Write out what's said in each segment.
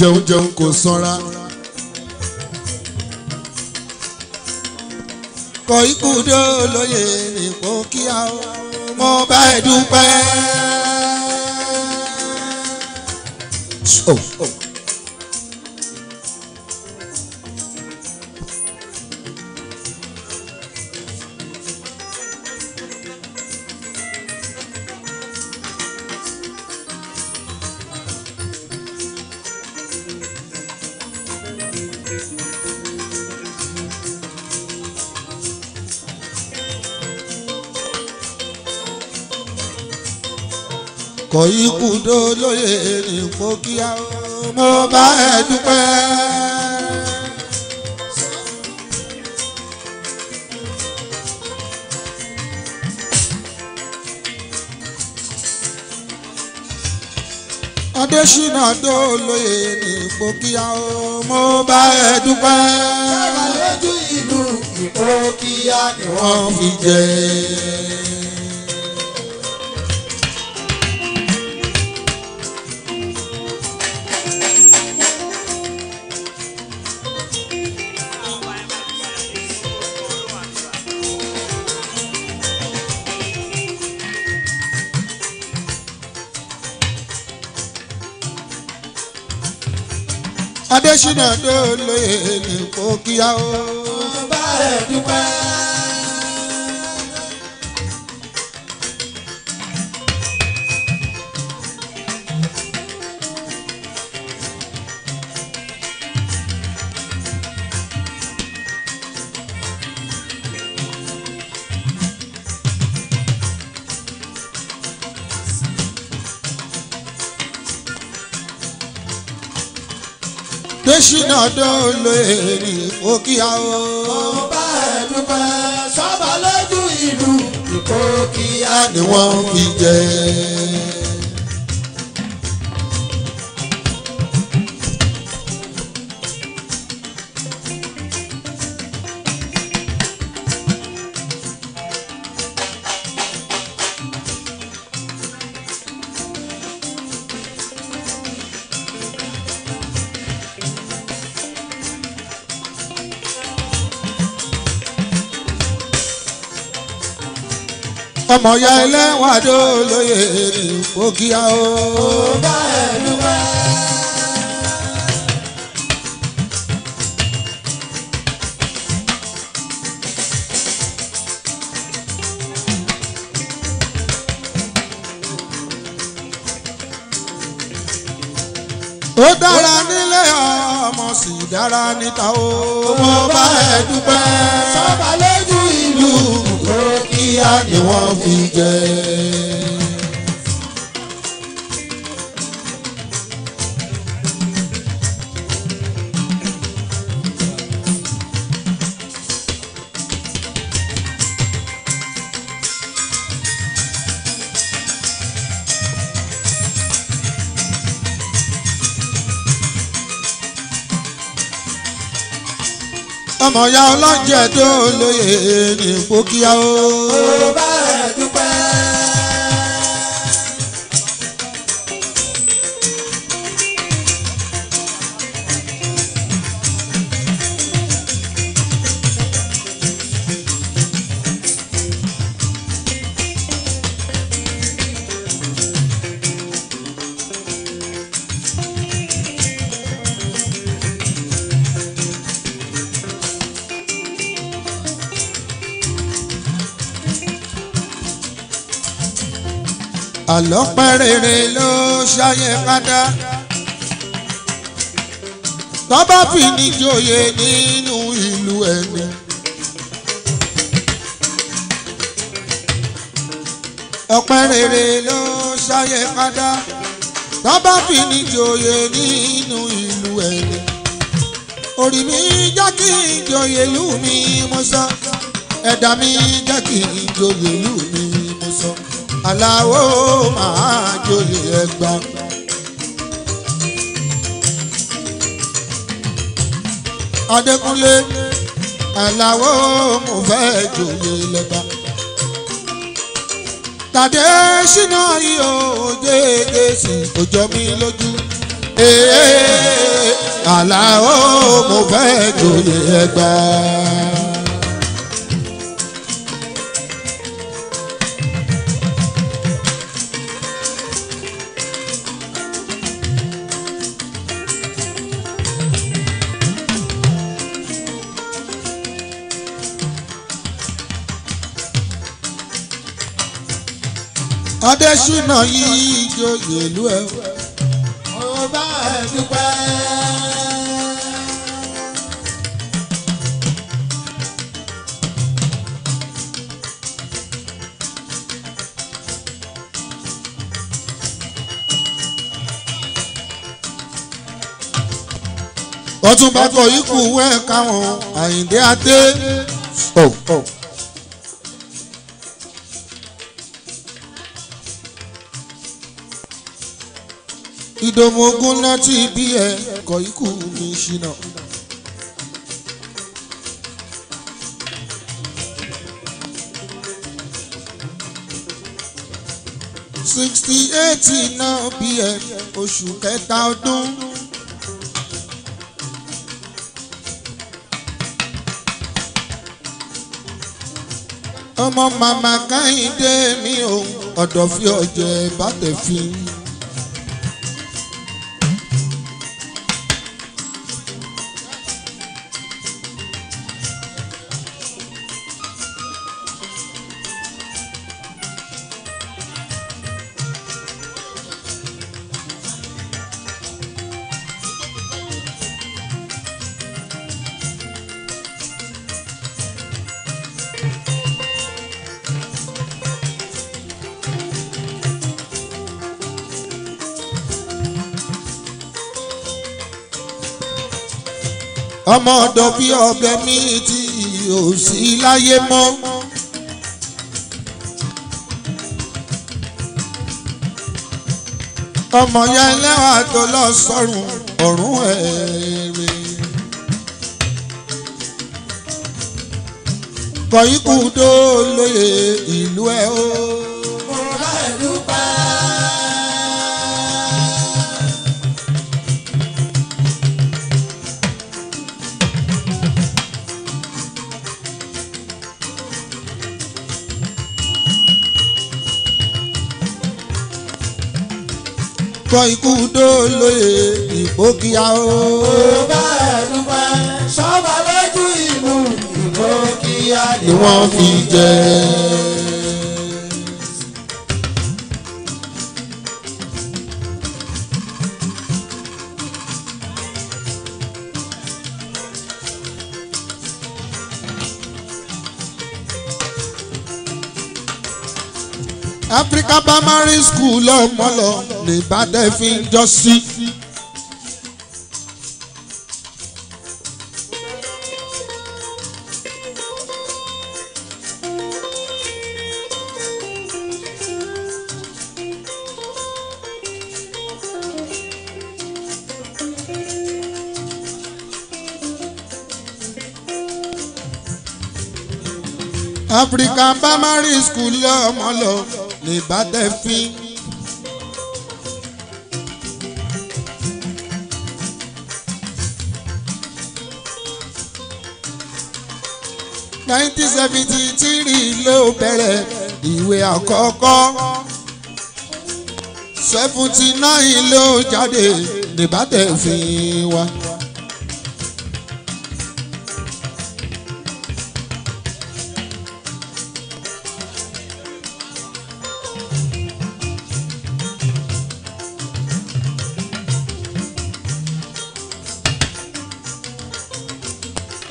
jẹun jẹun kò sanra. kọ ikú dé olóye èkó kíá mo bá ẹ dúpẹ́. mọ̀ ikúndó lóye ní pòkíà mo bá ẹ dúpẹ́. adésínà tó lóye ní pòkíà mo bá ẹ dúpẹ́. ẹ̀ka lójú ìlú ìpòkíà ni wọ́n fi jẹ́. dólóye ní kókíyá o. ọba ẹ̀ ṣínà dóòlò èrè òkìá o. mo bá ẹ dúpẹ́ sọ́ba lójú ìlú òkìá ni wọ́n fi jẹ́. ọmọ ya ẹlẹ́wọ̀n àdó lóye èrè òkìá o. ó bá ẹnu wá. ó dára nílé ọmọ sì dára níta o. mo bá ẹ dúpẹ́ lójú ìlú yá ni wọ́n fi jẹ. ọmọ ya ọlọ́jẹ̀ tó lóye ní pókíá o. olùbá ẹ̀ dúpẹ́. ọlọ́pẹ́ rere ló ṣayé padà tọ́ba fi ní joyè nínú ìlú ẹni. ọpẹ́ rere ló ṣayé padà tọ́ba fi ní joyè nínú ìlú ẹni. orí mi jẹ́ kí n joyè lù mí mo sọ ẹ̀dá mi jẹ́ kí n joyè lù mí aláwọ̀ máa jòlè ẹgbà. Adékúnlé aláwọ̀ mo fẹ́ jòlè lẹ́gbà. Tàdé ṣínà yìí ò jẹ́jẹ́ sí kò jọ lójú. Aláwọ̀ mo fẹ́ jòlè ẹgbà. Adésínà yìí joyè ìlú ẹ. mo bá ẹ dúpẹ́. ọtún bá kọ ikú wẹ́ẹ̀ káwọn Oh oh. ìdòmógún láti bí ẹ kọ ikú mi ṣìnà. sixty eight náà bí ẹ oṣù kẹta ọdún. ọmọ màmá Káyìndé mi ò ọ̀dọ̀ fi ọ̀jẹ̀ bá tẹ̀ fi. ọmọ ọ̀dọ̀ bí ọ̀bẹ mi tí ò sí láyé mọ́. ọmọ ya ẹlẹ́wà tó lọ sọ́run ọ̀run ẹ̀rẹ̀. kọ̀yíkù tó lóye ìlú ẹ̀ o. kọ ikú dólóye ìgbókíá o. yorùbá ẹ̀dùn pẹ́ sọ́ba lójú ìlú ìgbókíá ni wọ́n fi jẹ́. Àlàkà primary school lọ́mọ lọ nìbàdàn fi ń jọ sí. African primary school lọ́mọ lọ nìbàdàn fín. nineteen seventy three ló bẹ̀rẹ̀ ìwé àkọ́kọ́ seventy nine ló jáde nìbàdàn fín wa.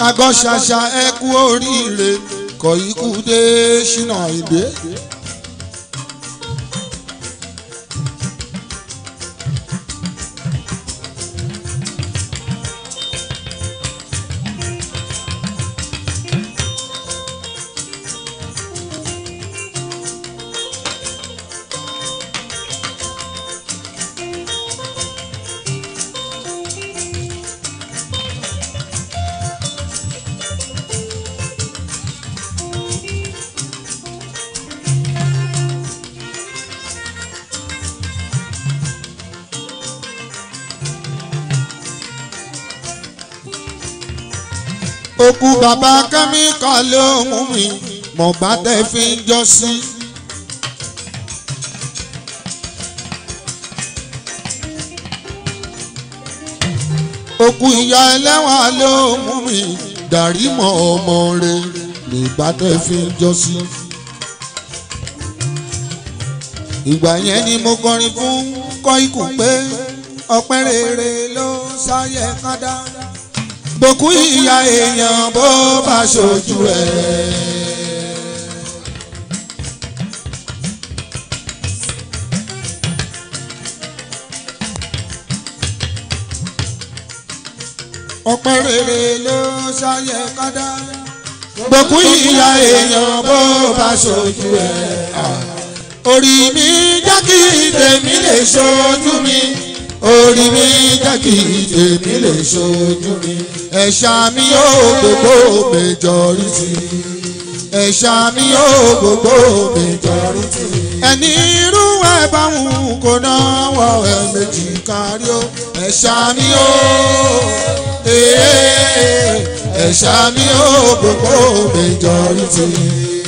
agọ́ ṣàṣà ẹ kú oríire kọ̀ ikú dé ṣínà ìdè. bàbá kẹ́míkà lóhùn mi mọ̀ bá tẹ́ fi ń jọ sí. òkú ìyá ẹlẹ́wọ̀n lóhùn mi dàrí mọ́ ọmọ rẹ̀ nígbà tẹ́ fi ń jọ sí. ìgbà yẹn ni mo kọrin fún kọ́ ikú pé ọpẹ́ rere ló sáyẹ̀ kádà bòkú ìyá èèyàn bó bá ṣojú ẹ̀. ọpẹ́ rere ló ṣayẹ kádà bòkú ìyá èèyàn bó bá ṣojú ẹ̀. orí mi jẹ́ kí tèmi lè ṣojú mi orí mi jẹ́ kí tèmi lè ṣojú mi ẹ̀ṣà mi yóò gbogbo majority ẹ̀ṣà mi yóò gbogbo majority. ẹni irú ẹ̀ bá wù kó náwó ẹ̀ kárí o ẹ̀ṣà mi yóò eh, eh, eh. ẹ̀ṣà mi yóò gbogbo majority.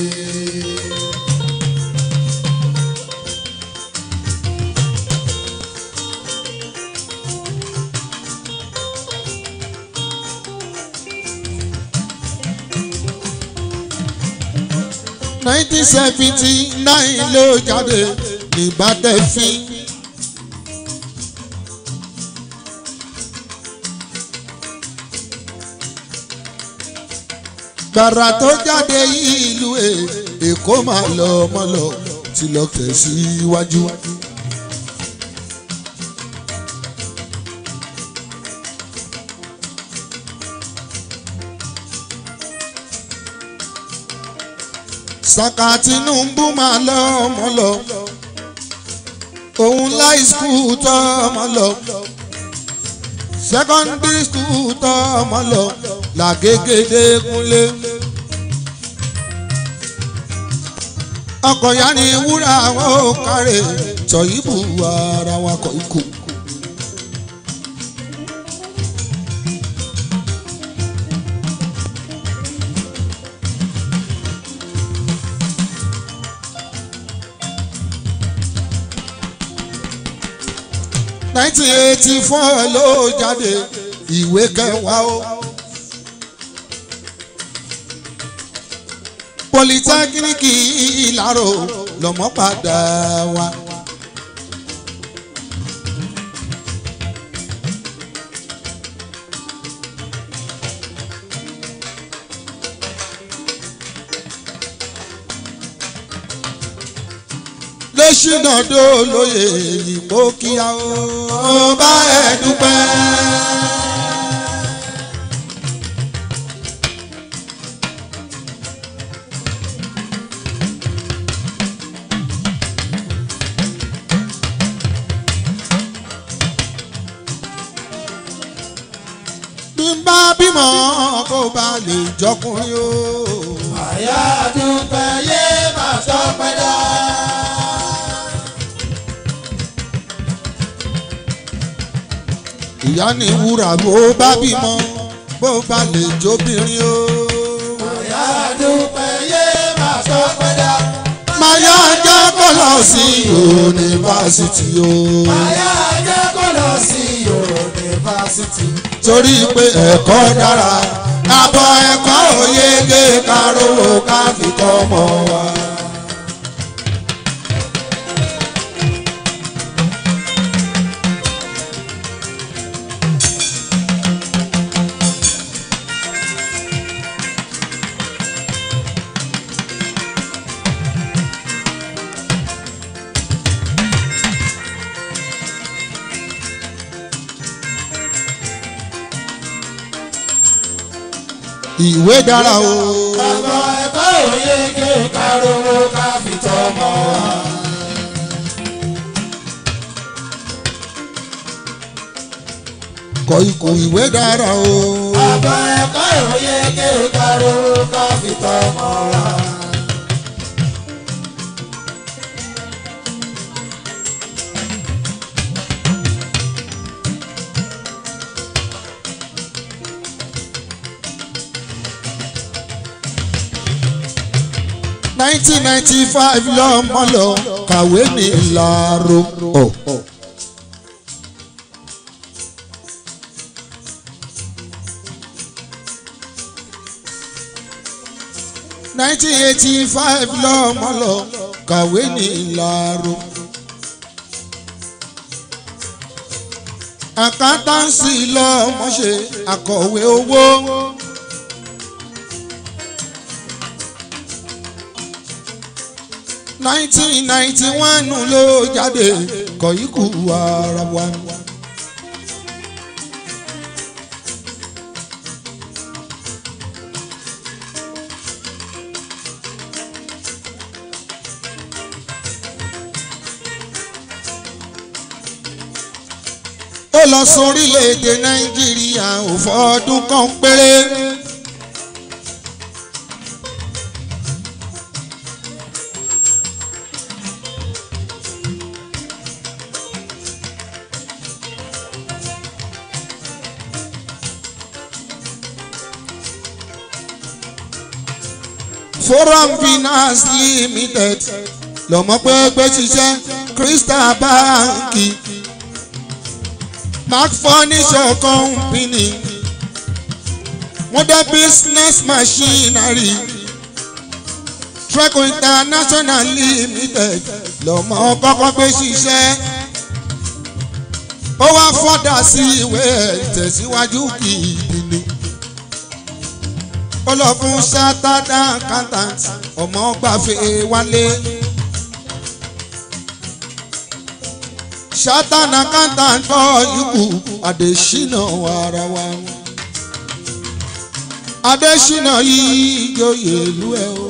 nineteen seventy nine ló jáde nìbàdẹ́fín. gbàrà tó jáde ìlú èkó máa lọ mọ́ lọ tí lọ́ọ́ síwájú. Sàkà Tinubu máa lọ ọmọ lọ òun láì skul tọ́ ọmọ lọ secondary school tọ́ ọmọ lọ làgégédé kúnlé. ọkọ̀ yá ni wúrà wọn ò kárẹ̀ tọ̀yìnbù ara wa kọ̀ ikú. 1984, eighty four ló jáde ìwé kẹwàá o. pọlitákíníkì ìlàró lọ́mọ padà wá. gbóṣìnà dó lóye ìbò kíá o. mo bá ẹ dúpẹ́. bí n bá bímọ kó bá lè jọkùnrin o. àyà dúpẹ́ yé màá tọ́pẹ́ dáa. ìyá ní wúrà bó bá bímọ bó bá lè jóbìnrin o. ọ̀yá dúpẹ́ yé màá sọ pé dá. Màyá jẹ́ kó lọ sí yunifásitì o. Màyá jẹ́ kó lọ sí yunifásitì. Torí pé ẹ̀kọ́ dára, àbọ̀ ẹ̀kọ́ òye gé karó ká fi wa. ìwé dára o. kàmọ ẹ̀kọ́ òye ké karowó ká fi tọmọ wa. kọ ikú ìwé dára o. kàmọ ẹ̀kọ́ òye ké karowó ká fi tọmọ nineteen ninety five lọ́mọ lọ kàwé ní Ìláró. Oh. nineteen eighty five lọ́mọ lọ kàwé ní Ìláró. àkátàǹsì lọ́mọ ṣe àkọ̀wé owó. 1991 ninety one ló jáde kọ̀yíkù Arawa. ó lọ sórílẹ̀-èdè Nàìjíríà ó fọdún kan péré. Program Finance Limited lọ́mọ pé gbé ṣiṣẹ́ Crystal Bank Mark Furniture Company Modern Business Machinery Treco International Limited lọ́mọ kọ́kọ́ gbé ṣiṣẹ́ ó wá fọ́dà sí ìwé tẹ̀síwájú kìí dùnú kọlọ́gùn sátádà accountant ọmọ gbàfẹ́ wálé. sátánà accountant fọ́ ikú àdèṣínà ara wa. àdèṣínà yìí yóò yèlú ẹ o.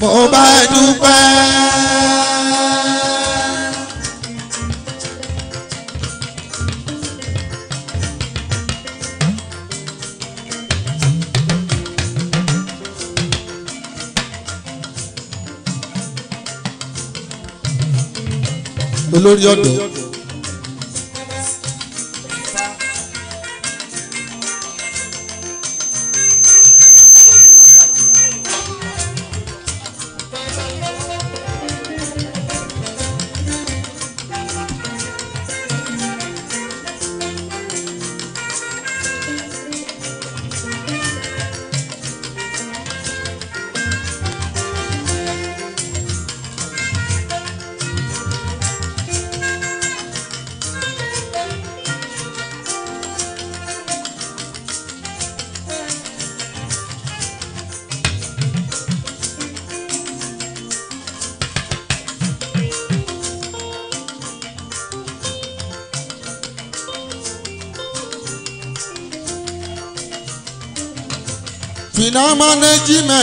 mo bá dúpẹ́. olórí ọ̀dọ́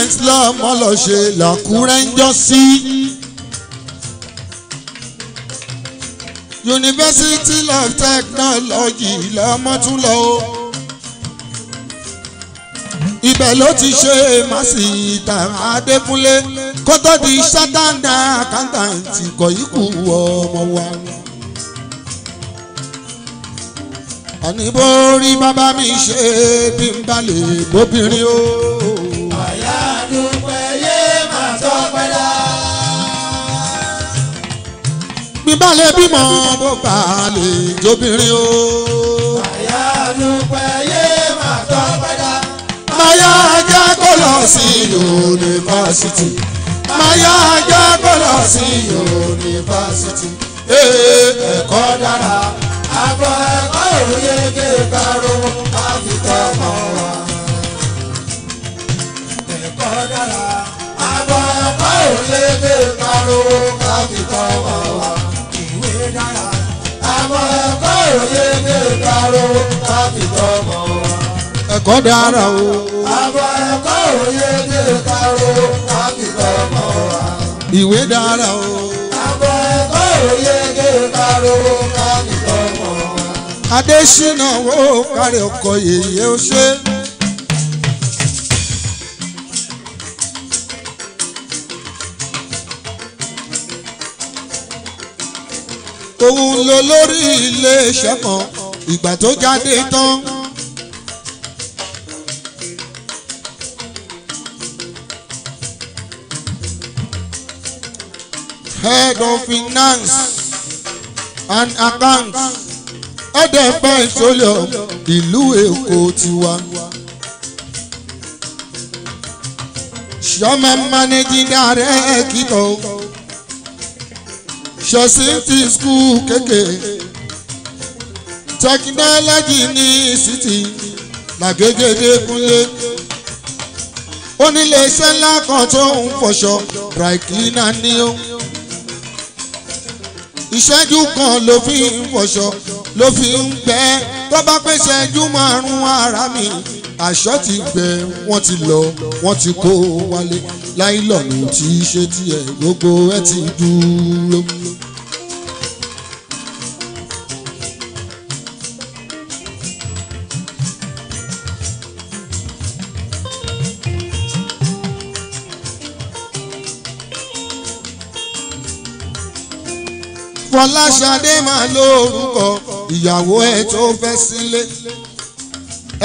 event lọ ṣe làkúrẹ́ ń jọ sí. University of Technology lọ́mọ tún lọ o. ibẹ̀ ló ti ṣe màsíta Adékúnlé kó tó di sátánà àkántàǹtì kọ̀yíkù ọmọ wa. àní rí bàbá mi ṣe bí n balẹ̀ bóbìnrin o. bá lè bímọ bó bá lè jóbìnrin o. àyà dúpẹ́ yé màá tọ́ padà. máyà ajá kó lọ sí yunifásitì. máyà ajá kó lọ sí yunifásitì. Eh, ẹ̀kọ́ dára àbọ̀ ẹ̀kọ́ òye kékeré àfitọ́ mọ́ wa. ẹ̀kọ́ dára àbọ̀ ẹ̀kọ́ òye kékeré àfitọ́ mọ́ wa náírà. àwọn ẹ̀kọ́ òye ní ìdáró láti tọmọ wa. dára o. àwọn ẹ̀kọ́ òye ní ìdáró láti tọmọ wa. ìwé dára o. àwọn ẹ̀kọ́ òye ní ìdáró láti tọmọ wa. Adésínà wo kárí ọkọ yèyé ó ṣe. tóun lọ lórí iléeṣẹ́ kan ìgbà tó jáde tán. head of finance and accounts ọ̀dẹ̀ petroleum ìlú èkó tiwa. chairman managing director ṣọ̀sí ti skul kékè tẹkinọ́lọ́jì ní sítì làgégédé kúnlé ó nílé iṣẹ́ ńlá kan tó ń fọṣọ dry cleaner ní ó ìṣẹ́jú kan ló fi ń fọṣọ ló fi ń gbẹ́ tó bá pèsè ẹjú márùn-ún ara mi àṣọ ti gbẹ wọ́n ti lọ wọ́n ti kó wálé láìlọ́nù tí í ṣe tiẹ̀ gbogbo ẹ̀ ti dúró. fọláṣadé máa lórúkọ ìyàwó ẹ̀ tó fẹ́ sílé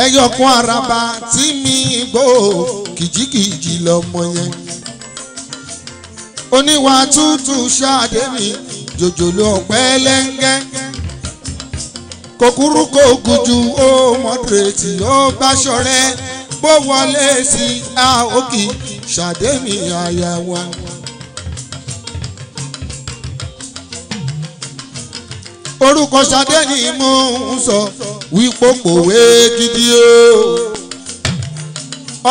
ẹyọkun araba tí mi gbó kìjikìji lọmọ yẹn oníwà tútù ṣáàdé mi jòjòló ọ̀pẹ lẹ́ńgẹ́ kòkúrú kò gùjù ó mọ̀dìrètì ó bá ṣọ̀rẹ́ bó wọlé sí i ṣàdé mi àyà orúkọ Ṣadé ni mò ń sọ wípé kòwé gidi o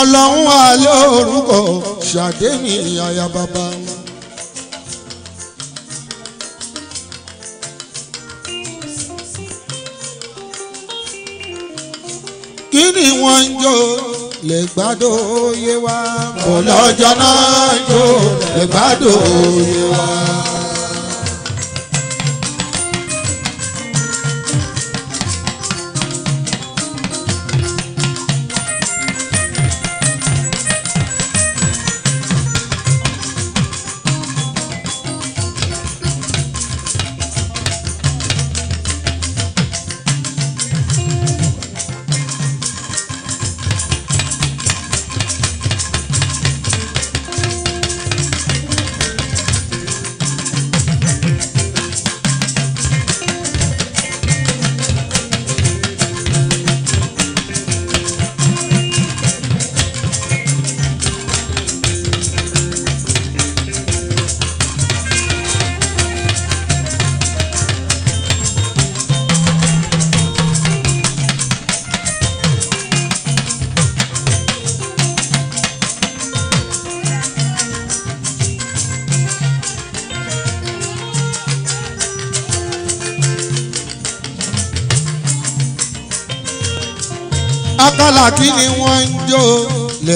ọlọ́run alẹ́ orúkọ Ṣadé ni aya bàbá wọn. kí ni wọ́n ń jó lè gbádùn wa. ọlọ́jọ́ náà jó lè gbádùn wa.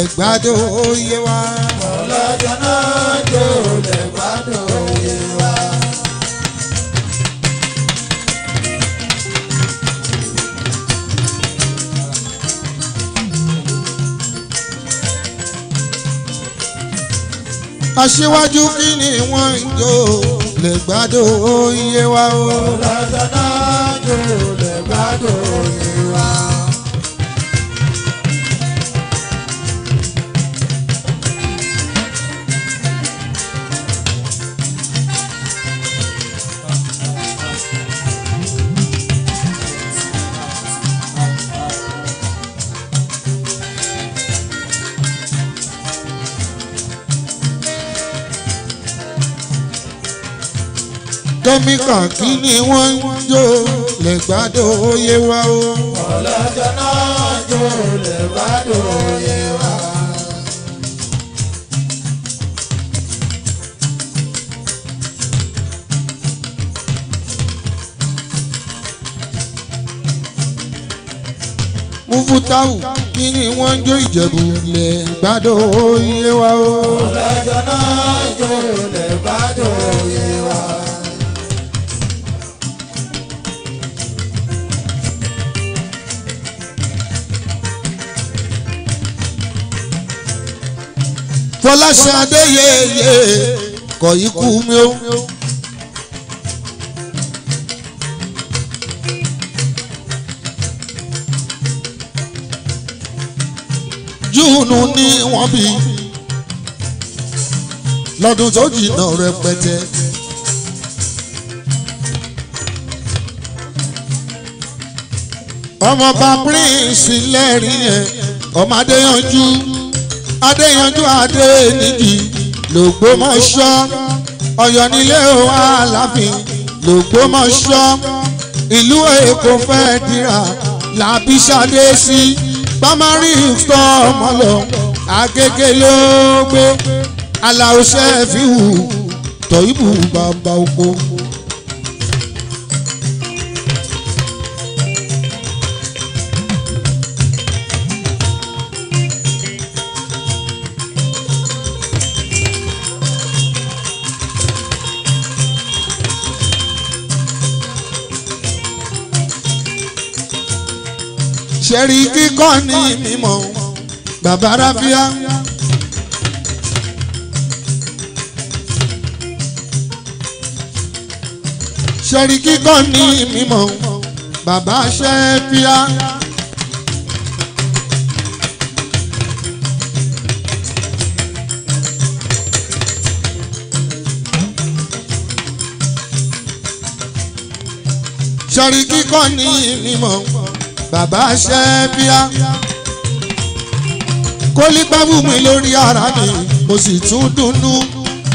lè gbádùn òye wa. ọlọ́jọ́ náà jó lè gbádùn òye wa. aṣíwájú kí ni wọ́n ń jó lè gbádùn òye wa o. ọlọ́jọ́ náà jó lè gbádùn òye wa. kẹ́míkà tí ni wọ́n ń jó lẹ́gbàdo oyè wa o. ọlọ́jọ́ náà jó lẹ́gbàdo oyè wa. mufutau kí ni wọ́n ń jó ìjẹ̀bù lẹ̀ gbádùn oyè wa o. ọlọ́jọ́ náà jó lẹ̀ gbádùn oyè wa. bọ́láṣẹ adéyẹyẹ kọ ikú mi ó. júùnù ni wọ́n bí lọ́dún tó jìnnà rẹpẹtẹ. ọmọ bá prince lẹ́rìn yẹn ọmọ adéyanjú adéyanjú adé níjì lògbómọ̀ṣọ́ ọ̀yọ́ nílé òun aláàfin lògbómọ̀ṣọ́ ìlú èkó fẹ́ dira làbí ṣadé sí pámárì stọọ mọlọ agége ló gbé aláwòṣẹ fi hù tọyìbù bàbá oko. ṣẹ́rí kíkọ́ ní mímọ́ bàbá ráfíà. ṣẹ́rí kíkọ́ ní mímọ́ bàbá ṣẹ́fíà. ṣẹ́rí kíkọ́ ní mímọ́ bàbá ṣẹ́ bíá kólígbàmù mi lórí ara mi mo sì tún dunnú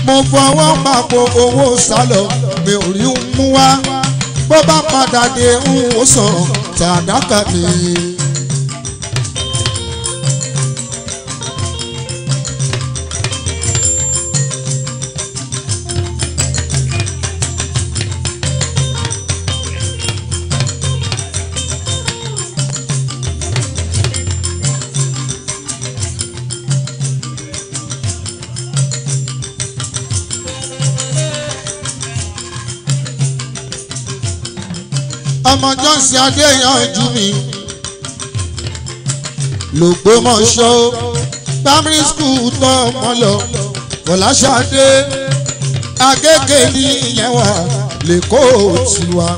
mo fọwọ́ papọ̀ owó sálọ mi ò rí mú wá bó bá padà dé ń wò sàn tàdákà mi. Francis Adéyanjú mi l'Ògbómọ̀ṣọ́ primary school tọ́ ọmọ lọ Fọláṣadé agége ní ìyẹn wà lẹ́kọ̀ọ́ tiwa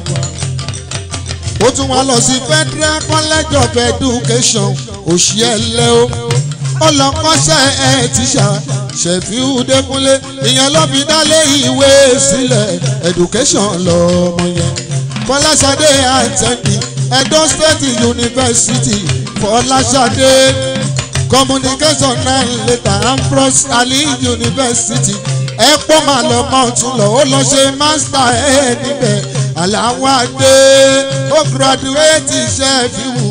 ó tún wá lọ sí Federal College of Education Òṣìẹ̀lẹ̀ o ó lọ kọ́ṣẹ́ ẹ̀ tíṣà Ṣẹ̀fíù Dékúnlé ìyẹn ló fi dálé ìwé sílẹ̀ education lọ́mọ yẹn. Fọláṣadé Àtẹ̀bí Edo State University Fọláṣadé Communication and Letter and Press Ali University ẹ pọ́ máa lọ máa tún lọ ó lọ ṣe mástà ẹ̀ níbẹ̀ aláwádé ó gírádùétì iṣẹ́ fíìmù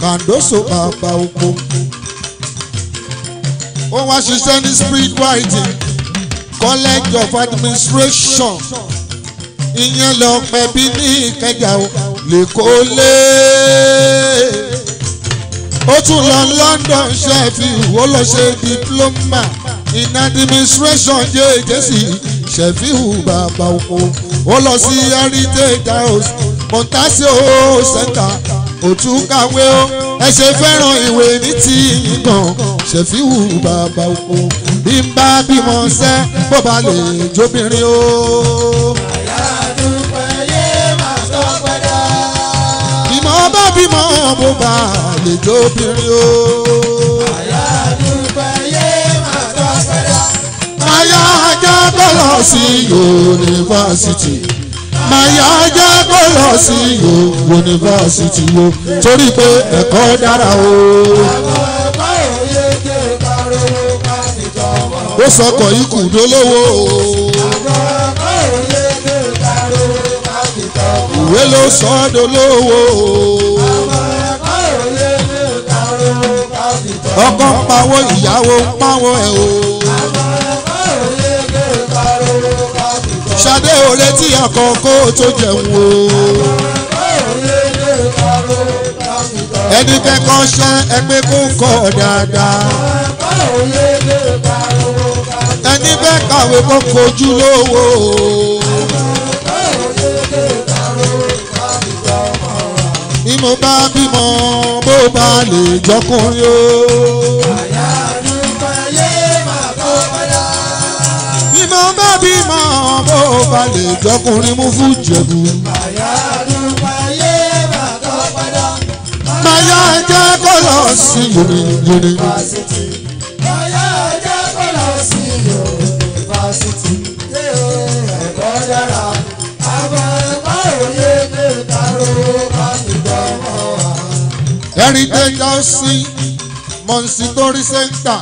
kàndóso bàbá oko ó wá ṣiṣẹ́ ní spirit writing college of administration ìyẹn lọ pẹ́ bí ní ìkẹjà o lè kó lé ó tún lọ London Sheffield ó lọ ṣe diploma in administration jẹ́ẹ̀jẹ́sì Sheffield bàbá oko ó lọ sí Heritage House Montasio Center ó tún kàwé o ẹ ṣe fẹ́ràn ìwé ní ti ìgbọ̀n Ṣẹ̀fíwù bàbá oko bí n bá bímọ sẹ́ bó lè jóbìnrin o. ọlọ́run bó bá lè jóbìnrin o. àyà dúpẹ́ yé màá tọ́ pẹ́lá. àyà ajá kọ́ lọ sí yunifásitì màyà ajá kọ́ lọ sí yunifásitì wo torí pé ẹ̀kọ́ dára o. àwọn ẹ̀kọ́ òye jẹ́ ìparí ká nìkan mọ́. ó sọkọ̀ ikú dolówó o. ìwé ló sọ dolówó o. ọkọ ń pawó ìyàwó ń pawó ẹ̀ o. ṣadé ò retí ọkọ kó o tó jẹun o. ẹni kẹ́kọ̀ọ́ ṣẹ́ ẹgbẹ́ kó kọ́ dáadáa. ẹni bẹ́ẹ̀ kàwé kó kojú lówó o. tí mo bá bímọ bó bá lè jọkùnrin o. àyà àdúgbò ayé máa bọ́ padà. bí mo bá bímọ bó bá lè jọkùnrin mú fún jẹ̀bù. àyà àdúgbò ayé máa bọ́ padà. màyà jẹ́ kó lọ sí yìnyín yìnyín. Heritage House Monsitori Center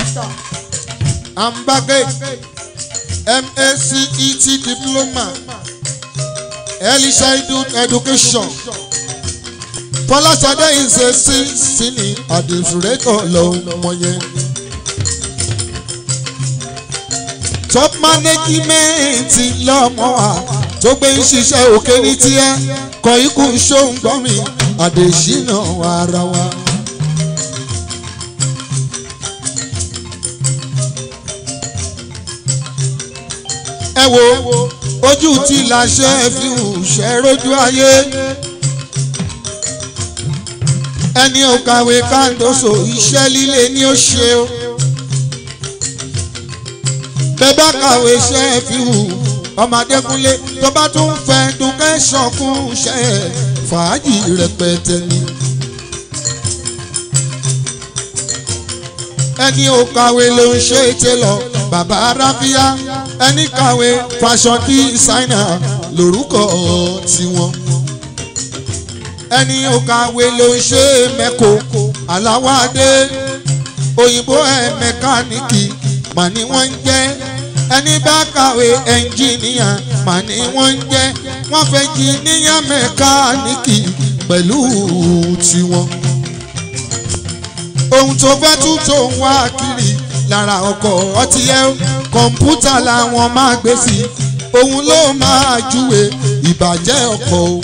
Ambagate MACET Diploma Early Childhood Education Fọláṣadé ìṣesí sí ni àdìsúrétò lọ́mọ yẹn. Top management lọ́mọ wa tó gbé ń ṣiṣẹ́ òkè ní tíẹ́ kọ ikú ṣóun gbọ́n mi àdèṣínà ara wa. ẹ ojú ti làṣẹ fi ṣẹ rójú ayé ẹni ò kàwé káńdóso iṣẹ́ líle ni ó ṣe o bẹ́ẹ̀ bá kàwé iṣẹ́ fi hù ọmọdékúnlé tó bá tún fẹ́ dúkẹ́ ṣọ̀kún ṣe fàájì rẹpẹtẹ ni. ẹni ò kàwé ló ń ṣe é lọ bàbá ráfíà ẹni kàwé fashion designer lórúkọ tiwọn ẹni ò kàwé ló ń ṣe mẹ́kọ aláwádé òyìnbó ẹ̀ mẹkáníìkì mà ní wọ́n ń jẹ́ ẹni bá kàwé ẹnjìníà mà ní wọ́n ń jẹ́ wọ́n fẹ́ jìníà mẹkáníìkì pẹ̀lú tiwọn ohun tó fẹ́ tún tó ń wá kiri lára ọkọ̀ ọtí ẹ kọ̀ǹpútà làwọn máa gbé sí òun ló máa júwe ìbàjẹ́ ọkọ̀ o.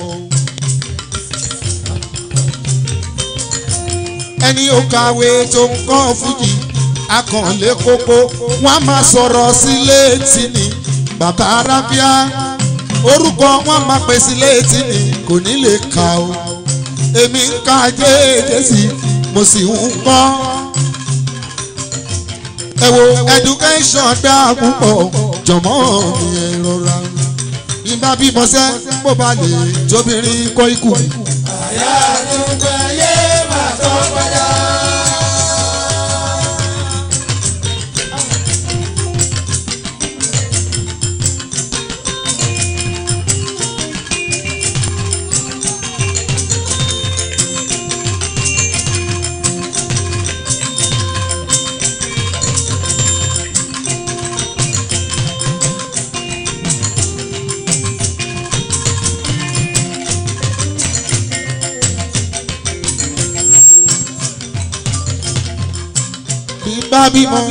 ẹni ó kàwé tó ń kọ́ fújì akànlé kókó wọn máa sọ̀rọ̀ sí létí ni bàbá arábíà orúkọ wọn máa pè sí létí ni kò ní lè kà o èmi ń ka jẹ́ẹ́jẹ́ sí mo sì ń kọ́ ẹ education gbá púpọ̀ jọ̀mọ́ mi ẹ rọra bí bá bímọ sẹ́ bó lè jóbìnrin kọ́ ikú. àyà ló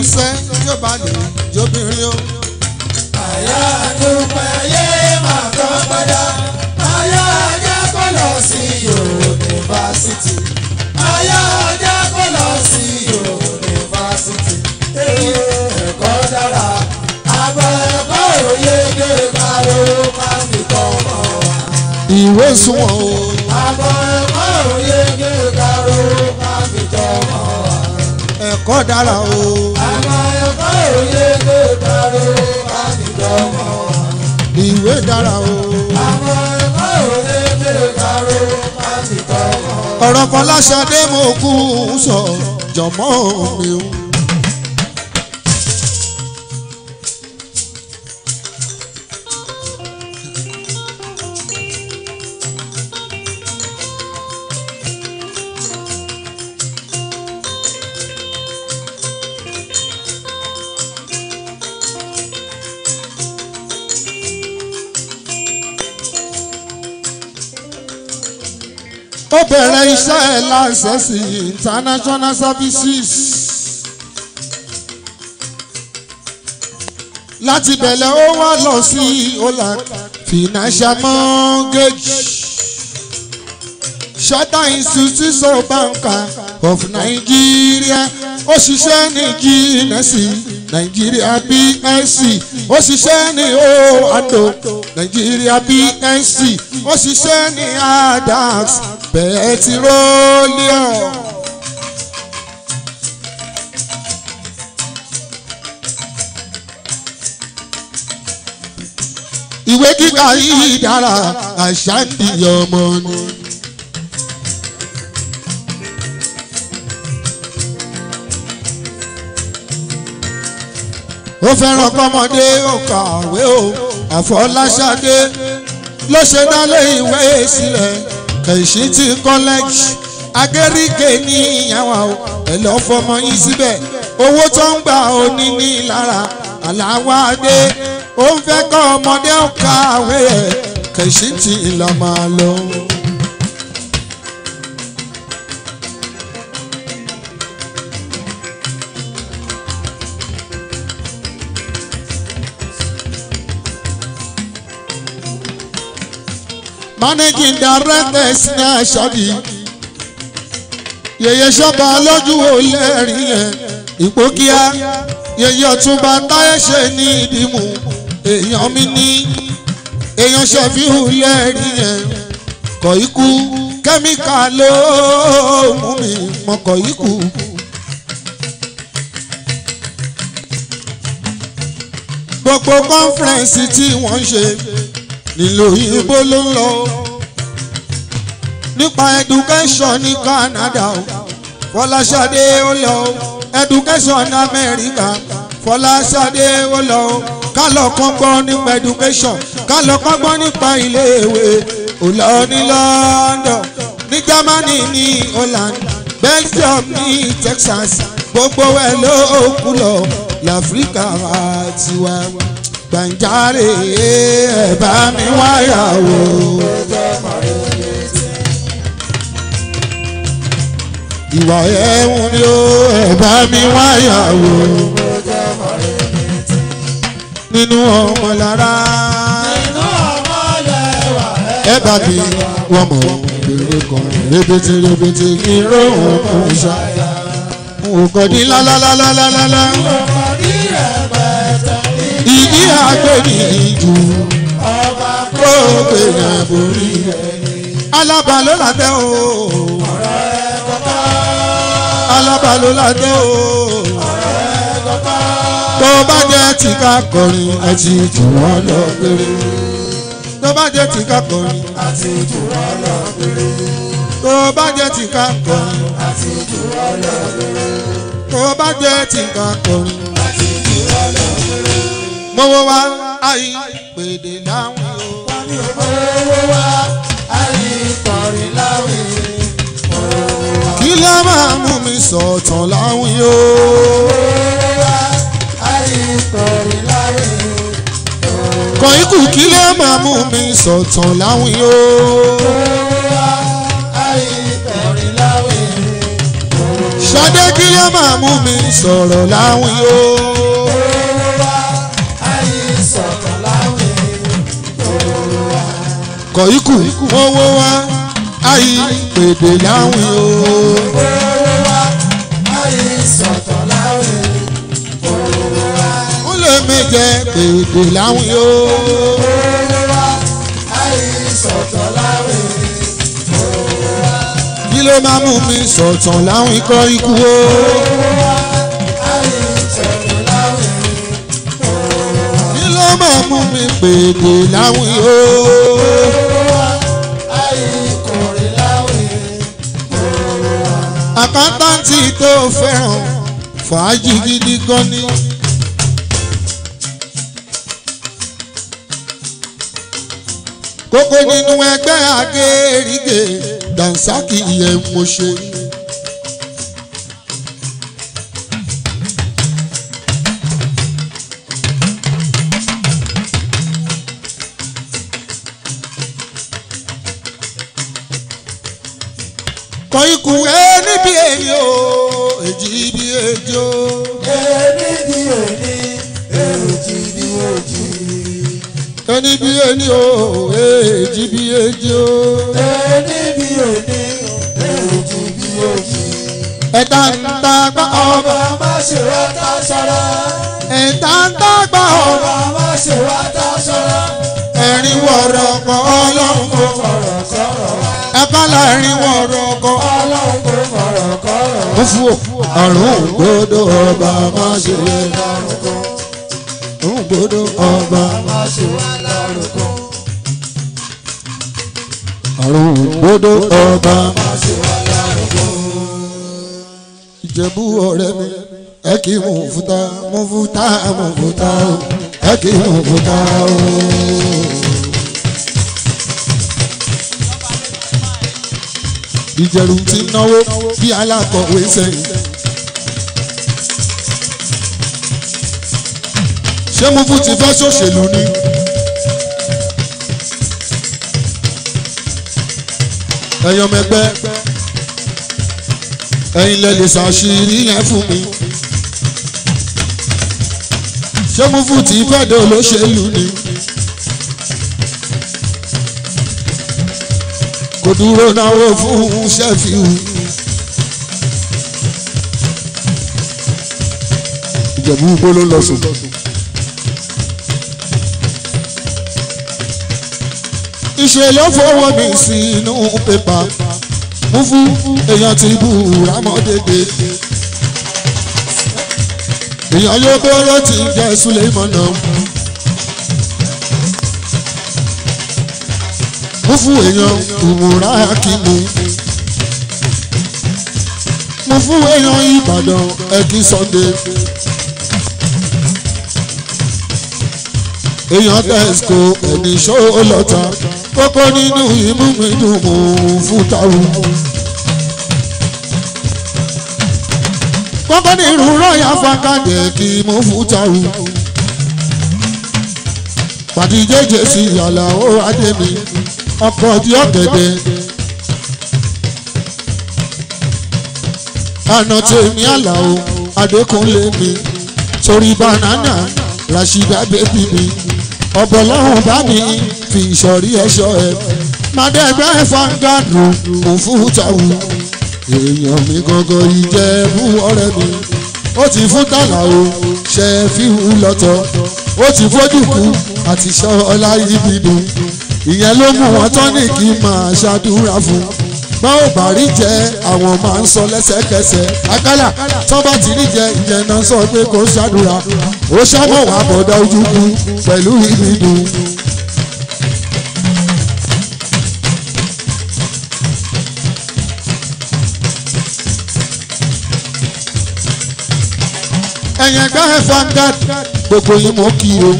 iṣẹ́ yóò bá lè jóbìnrin o. àyà àdúpẹ́ yé màá tọ́ padà àyà ajá kọ́ lọ sí yunifásitì àyà ajá kọ́ lọ sí yunifásitì ẹ̀kọ́ dára àbọ̀ ẹ̀kọ́ òye gbé káró máa fi tọ́ ọmọ ìwé sunwọ̀n o. àbọ̀ ẹ̀kọ́ òye gbé káró máa fi tọ́ ọmọ ẹ̀kọ́ dára o. àwọn ẹ̀kọ́ òye lè o láti dọ́mọ. ìwé dára o. àwọn ẹ̀kọ́ òye lè dárò láti dọ́mọ. ọ̀rọ̀ Fọláṣadé mo kú sọ jọ̀mọ́ mi ẹ̀ international services. láti bẹ̀lẹ̀ ó wá lọ sí holland financial mortgage charter institute of banker of Nigeria ó ṣiṣẹ́ ní gínẹ́sì nàìjíríà bnc ó ṣiṣẹ́ ní oado nàìjíríà bnc ó ṣiṣẹ́ ní adax bẹtiróliọ̀mù. ìwé kíkà yìí dára àṣàǹdì ọmọ ni. ó fẹ́ràn kọ́mọdé ó kàwé ó àfọláṣadé ló ṣe dálé ìwé sílẹ̀ kẹ̀sí ti kọ́lẹ́jì agẹ́ríkè ní ìyàwó ẹ̀ lọ́ fọmọ yín síbẹ̀ owó tó ń gbà ó ní ní lára àláwá dé ó ń fẹ́ kọ́ ọmọdé ọ̀ka ẹ̀ kẹ̀sí ti ìlọ́mọ lọ́wọ́. managing director Sina Shadi yeye ṣọba lójú olẹ́rìnlẹ̀ ìpókíá yèyé ọ̀túnba táyé ṣe ní ìdìmú èèyàn mi ní èèyàn ṣọfíhù lẹ́rìnlẹ̀ kọ̀ ikú kẹ́míkà ló mú mi mọ̀ kọ̀ ikú. gbogbo kọ́nfẹ̀rẹ̀nsì tí wọ́n ṣe nílò ìbò ló ń lọ nípa education ní Canada o Fọláṣadé ó lọ education ní Amẹ́ríkà Fọláṣadé ó lọ ká lọ kọ́ gbọ́ nípa education ká lọ gbọ́ nípa iléèwé ó lọ ní London ní Germany ní Holland Belgium ní Texas gbogbo ẹ̀ ló kú lọ láfíríkà tiwa gbàǹjarè ẹ bá mi wáyàwó. ìwà ẹ̀hún ni ó ẹ bá mi wáyàwó. nínú ọmọ lára ẹ bá mi wọ́n mọ̀ èrè kan rébété rébété kí n róhùn kùsà. òkòdí lálálálálálá ìdí àgbèrè ìjù ọba kó gbèrè àbórí ẹni. alábà ló là tẹ́ o. ọ̀rẹ́ kọ́kọ́. alábà ló là tẹ́ o. ọ̀rẹ́ kọ́kọ́. tó bá jẹ́ tìka kọrin àti jù wọ́n lọ gbèrè. tó bá jẹ́ tìka kọrin àti jù wọ́n lọ gbèrè. tó bá jẹ́ tìka kọrin àti jù wọ́n lọ gbèrè. tó bá jẹ́ tìka kọrin àti jù wọ́n lọ mọ́wọ́ wá àyè pèdè láwìn o. wọ́n ní mọ́wọ́ wá àyè pọ̀rì láwìn o. kí ló máa mú mi sọ̀tàn láwìn o. mọ́wọ́ wá àyè pọ̀rì láwìn o. kọ̀ ikú kí ló máa mú mi sọ̀tàn láwìn o. mọ́wọ́ wá àyè pọ̀rì láwìn o. Ṣadé kí ló máa mú mi sọ̀rọ̀ láwìn o. kọ̀íkù mọ́wọ́ wá àyè pèdè láwìn o. mọ́wọ́ wá àyè sọ̀tọ̀ láwìn mọ́wọ́ wá. ó lè mi jẹ pèdè láwìn o. mọ́wọ́ wá àyè sọ̀tọ̀ láwìn mọ́wọ́ wá. kí ló máa mú mi sọ̀tọ̀ láwìn kọ́ ikú o. mú mi pèdè láwìn yóò. àkántàntì tó fẹ́ràn fàájì gidi gan ni. kókó nínú ẹgbẹ́ agérígè dànsákì yẹn mo ṣe. kún fún o. àrùn gbọ́dọ̀ ọba má ṣe wé lárúkọ. àrùn gbọ́dọ̀ ọba má ṣe wé lárúkọ. àrùn gbọ́dọ̀ ọba má ṣe wé lárúkọ. ìjẹ̀bú ọ̀rẹ́ mi ẹ kì í mú fúta mú fúta mú fúta ẹ kì í mú fúta ó. ìjẹ̀rù ti náwó bí alákọ̀wé sẹ́yìn. ṣé mo fún ti fẹ́ ṣòṣèlú ni. ẹ̀yin ọmọ ẹgbẹ́ ẹ̀yin lẹ lè ṣàṣírí yẹn fún mi. ṣé mo fún ti fẹ́ dé olóṣèlú ni. tó dúró náwó fún Ṣẹ́fíù. ìjẹ̀bú igbó ló ń lọ sùn. ìṣe ló fọwọ́ mi sínú pépà mú fún èèyàn ti bù rámọ́dégbé. èèyàn yóò bọ́rọ̀ tí ń jẹ́ Sulemana. fún èèyàn òmùrà kìíní mo fún èèyàn ìbàdàn ẹ̀kí sunday èèyàn tẹ̀síkò ẹ̀mí ṣó lọ́ta kókó nínú imú mi dùn mò ń fún táwọn. kókó nínú rọ́yà fàkàdé kí mo fún táwọn. pàdé jẹ́jẹ́ sí yàrá ó adé mi apọ̀jù ọ̀gẹ̀dẹ̀. àná tèmi àlàó adékúnlé mi torí banana rasheeda bébí mi ọ̀bọ̀ lọ́hùn bá mi fi ìsọ̀rí ẹ̀ṣọ́ ẹ̀ mádẹ́gbẹ́ fangadu kò fún tàwù èèyàn mi gangan ìjẹ́bú ọ̀rẹ́ mi ó ti fún tàlà o ṣe fíhù lọ́tọ̀ ó ti fojú kú àti ṣọ́ ọlá ibi dùn ìyẹn ló mú wọn tán ní kí n máa ṣàdúrà fún bá ò bá rí jẹ àwọn máa ń sọ lẹ́sẹ̀kẹsẹ̀ akálà tán bá ti rí jẹ ìyẹn náà sọ pé kò ṣàdúrà ó ṣàmọ̀ wà bọ̀dọ̀ ojú kú pẹ̀lú ìbídùn. ẹ̀yìn ẹgbẹ́ ẹ̀ fangad gbogbo yìí mò ń o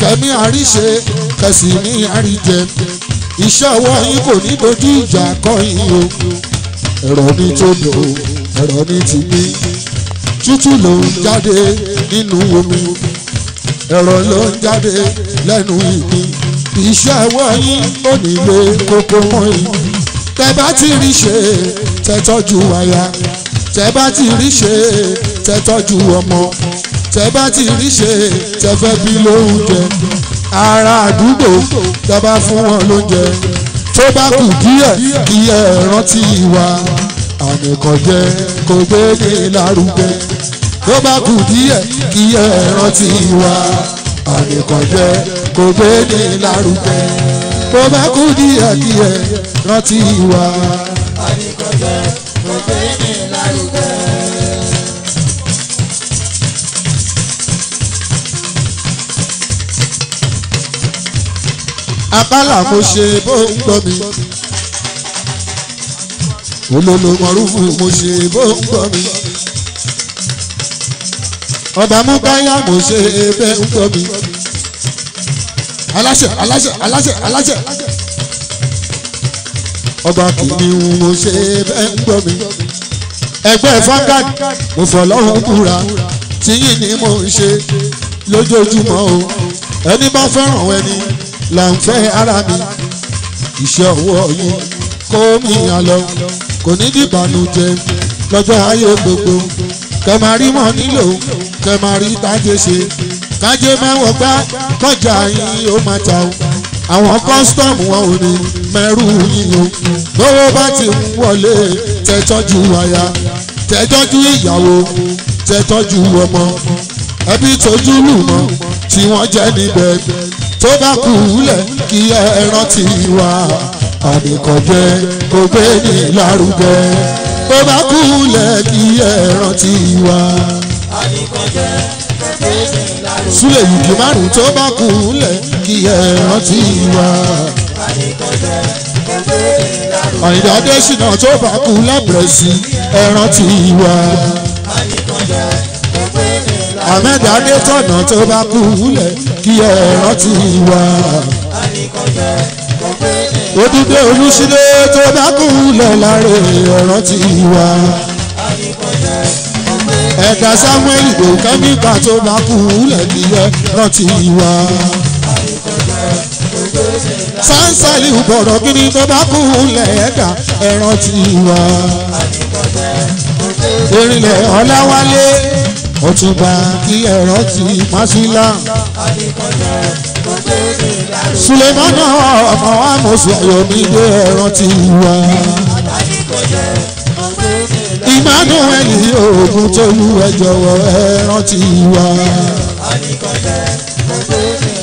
kẹ̀mí àríṣe kẹsì ní àríjẹ iṣẹ́ ọwọ́ yín kò ní dojú ìjà kọ́ yín o ẹ̀rọ ní tóbi o ẹ̀rọ ní tìbí tútù ló ń jáde nínú omi ẹ̀rọ ló ń jáde lẹ́nu ìgbín iṣẹ́ ọwọ́ yín ò nílé kókó mọ́ yín tẹ bá ti rí ṣe tẹ tọ́jú aya tẹ bá ti rí ṣe tẹ tọ́jú ọmọ tẹ bá ti rí ṣe tẹ fẹ́ bí lóúnjẹ ará àdúgbò dábà fún wọn lóúnjẹ tó bá kù díẹ̀ kí ẹ rántí wa àmì kan jẹ kó gbé ní lárugẹ tó bá kù díẹ̀ kí ẹ rántí wa àmì kan gbé ní lárugẹ tó bá kù díẹ̀ kí ẹ rántí wa àmì kan gbé ní lárugẹ. abala mo ṣe bó ń gbọ́ mi olólo mọ̀rúfù mo ṣe bó ń gbọ́ mi ọba múkáyà mo ṣe bẹ́ẹ̀ ń gbọ́ mi aláṣẹ aláṣẹ aláṣẹ aláṣẹ ọba kìíní mo ṣe bẹ́ẹ̀ ń gbọ́ mi ẹgbẹ́ fangad mo fọ̀ lọ́hùn kúra tíyìn ni mo ń ṣe lójoojúmọ́ o ẹni bá fẹ́ràn ẹni là ń fẹ́ ara mi iṣẹ́ ọwọ́ yín kó mi àlọ́ kò ní dìbànújẹ́ lọ́jọ́ ayé gbogbo kẹ máa rí mọ́ nílò kẹ máa rí tájé ṣe tájé máa wọ̀ gbá kọjá yín ó máa ta o àwọn kọ́sítọ́ọ̀mù wọn ò ní mẹ́rù yín o lówó bá ti ń wọlé tẹ́tọ́jú aya tẹ́tọ́jú ìyàwó tẹ́tọ́jú ọmọ ẹbí tójú lù mọ́ tí wọ́n jẹ́ níbẹ̀ tó bá kúlẹ̀ kí ẹ rántí wa àdìkọ̀jẹ́ kò gbé ní lárugẹ tó bá kúlẹ̀ kí ẹ rántí wa. àdìkọ̀jẹ́ kò gbé ní lárugẹ. súlẹ̀ yìí márùn-ún tó bá kúlẹ̀ kí ẹ rántí wa. àdìkọ̀jẹ́ kò gbé ní lárugẹ. àyìnbá adésínà tó bá kú lábẹ́rẹ́ sí ẹ rántí wa. Ahmed Adétọ̀nà tó bá kú wúlẹ̀ kí ẹ rántí wa. Odúdé Olúṣídé tó bá kú wúlẹ̀ láre ẹ rántí wa. Ẹ̀dá Samuel Gbòǹkà nígbà tó bá kú wúlẹ̀ kí ẹ rántí wa. Sánsálì ìbọ̀rọ̀ kí ni tó bá kú wúlẹ̀ ẹ̀dá ẹ rántí wa. Erinlẹ̀ Ọláwálé ọ̀túnba kí ẹ̀rọ ti masila. sulemana ọmọ amosu ayomi gbé ẹ̀rọ ti wá. Emmanuel oògùn tó wú ẹjọ̀wọ́ ẹ̀rọ ti wá.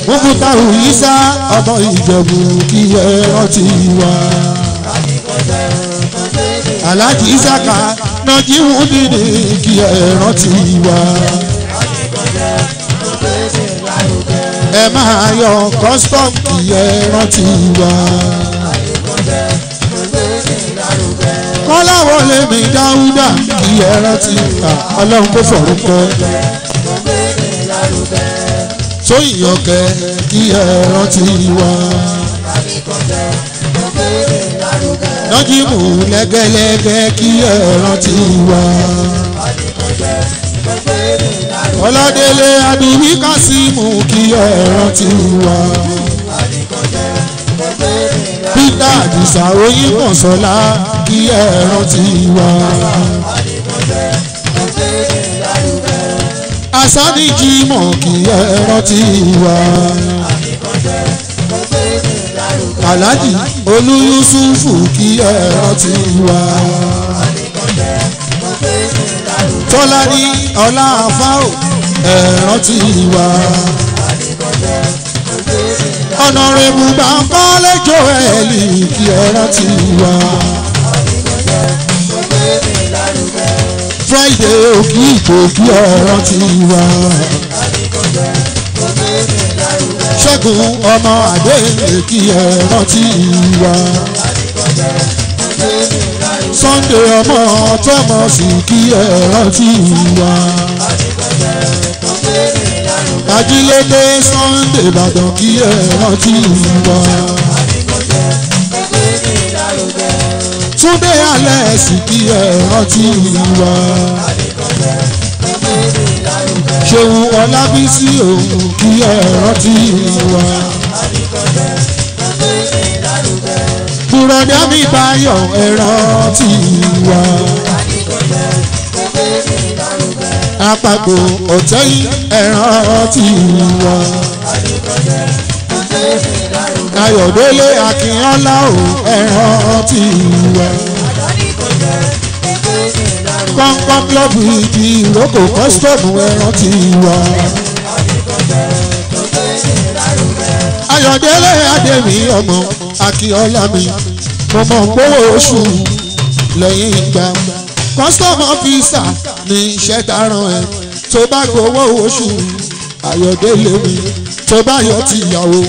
Mùkútàrú Yísá ọmọ Ìjẹ̀bú kí ẹ̀rọ ti wá. Aláàjì Ísàkà nàjíwò dìde kí ẹ rántí wa. ẹ máa yọ custom kí ẹ rántí wa. kọ́láwọlé mi dáúdà kí ẹ rántí wa. ọlọ́run kò fọ̀rọ̀ kọ́. tóyìn ọ̀kẹ́ kí ẹ rántí wa lọ́jìmù lẹ́gẹ́lẹ́gẹ́ kí ẹ̀ràn ti wá. ọlọ́délé abìbí kásímù kí ẹ̀ràn ti wá. peter àdìsá oyinmọ̀sọ́lá kí ẹ̀ràn ti wá. asánijìmọ̀ kí ẹ̀ràn ti wá. aláàjì olú yusufu kí ẹ rántí wa. tọ́lá ní ọlá afáò ẹ rántí wa. ọ̀nà rẹ̀ mú bá lẹ́jọ́ ẹ̀ lè kí ẹ rántí wa. friday òkì ìtòkì ẹ rántí wa ṣẹ́gun ọmọ àdé èkì ẹ̀rọ tí ìwà. Sunday ọmọ tọmọ sí kí ẹ̀rọ tí ìwà. Ajílédé Sunday Ìbàdàn kí ẹ̀rọ tí ìwà. Túndé alẹ́ sì kí ẹ̀rọ tí ìwà ṣòwò ọlábísí òun kí ẹ rántí wa. bùrọ̀dá mi báyọ̀ ẹ rántí wa. àpapọ̀ ọ̀tẹ́ yìí ẹ rántí wa. ayọ̀délé akínọ́lá ò ẹ rántí wa pọ́npọ́n klọ́ọ̀bù ibi ìrókò kọ́sítọ́ọ̀mù ẹran ti wà. ayọ̀délé adémi ọmọ akíọ́lá mi mo mọ̀ gbówó oṣù lẹ́yìn ìgbà kọ́sítọ́ọ̀mù ọ́fíìsà ní iṣẹ́ dáràn ẹ̀ tó bá gbówó oṣù ayọ̀délé mi tó bá yọ ti ìyàwó